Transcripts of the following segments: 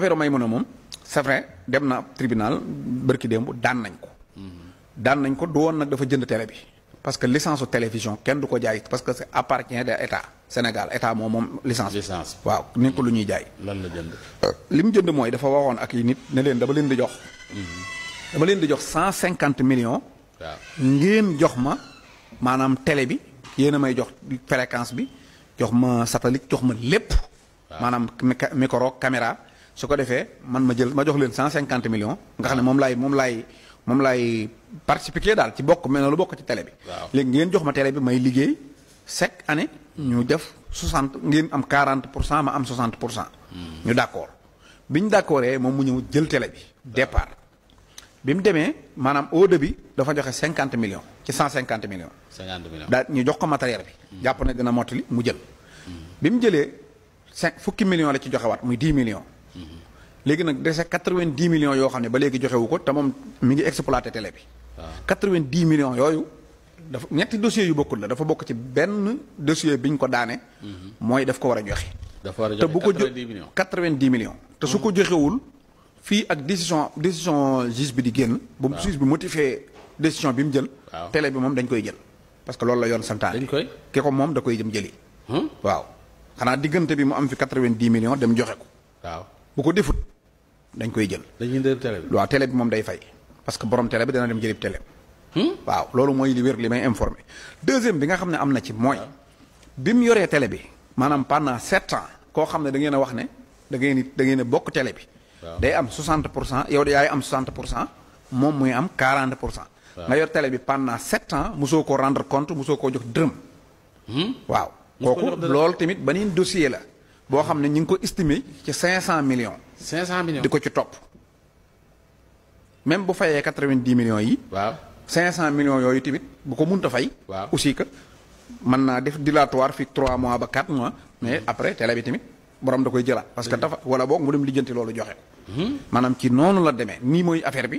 affaire may maymuna mom c'est vrai dem na tribunal barki dembu dan nañ ko dan nañ ko do won nak dafa jënd télé bi parce que licence télévision kenn du ko jaay parce que c'est appartient de état sénégal état mom mom licence licence waaw ni ko lu ñuy jaay lan la jënd euh, lim jënd moy dafa waxon ak nit ne len dama len di jox dama len di jox 150 millions ngeen jox ma manam télé bi yeena may jox fréquence bi jox ma satellite jox ma lepp manam micro caméra su ko defee man ma jël ma jox leen cinquante million nga xam ne moom laay moom laay moom laay participer daal ci bokk mel na lu bokk ci télé bi. léegi ngeen jox ma télé bi may liggéey chaque année. ñu def 60 ngeen am 40 pour cent ma am 60 pour cent. Hmm. ñu d' accord bi ñu d' moom mu ñëw jël télé bi. départ bi mu demee maanaam au début dafa joxe cinquante million ci 150 millions. 50 millions daal ñu jox ko matériel bi. Hmm. jàpp na dina mottali mu jël. Hmm. bi mu jëlee cinq fukki millions la ci joxewaat muy 10 millions. léegi nag dese quatre-vingt-dix millions yoo xam ne ba léegi joxewu ko te moom mi ngi exploité télé bi. waaw ah. quatre-vingt-dix million yooyu. dafa ñetti dossiers yu bokkul la dafa bokk ci benn dossier bi ñu ko daane. Mm-hmm. mooy daf ko war a joxe. dafa war a te bu ko jo quatre-vingt-dix millions. te su ko mm-hmm. joxewul fii ak décision décision juge bi di génn. waaw bu juge bi motivé décision bi mu jël. télé bi moom dañ koy jël. parce que loolu la yoon santaane. dañ koy ki ko moom da koy jëm jëli. Hmm? waaw xanaa diggante bi mu am fi quatre-vingt-dix dem joxe ko. waaw. bu ko defut dañ koy jël. dañ ndër télé bi waaw télé bi mom day fay parce que borom télé bi dana dem jëlib télé. hmm waaw lolu moy li wër li may informer deuxième bi nga xam amna ci moy ah. bi mu yoree télé bi manam pendant 7 ans ko xam da ngay na wax ne da ngay ni da ngay a bokk télé bi. day am 60 yow yaay am 60 mom muy am 40 nga yor télé bi pendant 7 ans muso ko rendre compte muso ko jox hmm waaw koku loolu tamit banen dossier la. Nous avons estimé 500 millions. 500 millions. De quoi tu top. Même si vous 90 millions, wow. 500 millions de si vous avez aussi que maintenant def dilatoire fi 3 mois ba 4 mois mais mm -hmm. après télé bi timit borom da koy jëla parce que hmm. dafa wala bok mu dem lijeenti lolu joxe manam hmm. ci nonu la démé ni moy affaire bi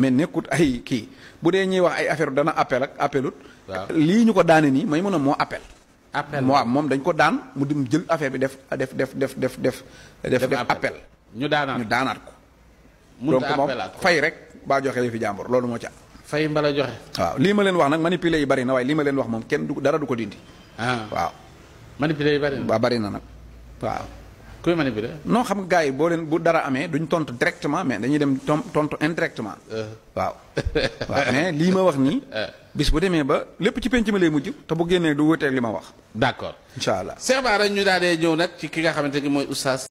mais nekut ay ki budé ñi wax ay affaire dana appel ak appelout li ñuko daané ni may mëna mo appel appel waaw moom dañ ko daan mu dim jël affaire bi def def def def def def. def appel ñu daanaat ñu daanaat ko. mënut donc moom fay rek baa joxe li fi jàmbur loolu moo ca am. fay mbala joxe. waaw lii ma leen wax nag manipulé yi bari na waaye lii ma leen wax moom kenn du dara du ko dindi. Ah. waaw. manipile yi bari na bari na nag waaw. kuy manipuler. non xam nga gars yi boo leen bu dara amee duñ tontu directement mais dañuy dem tontu indirectement. Euh. waaw waaw mais lii ma wax nii. Euh. bis bu demee ba lépp ci penc mi lay mujj te bu génnee du wuteeg li ma wax. d'accord incha allah. Cheikh Bara ñu daal di ñëw nag ci ki nga xamante ni mooy oustaz.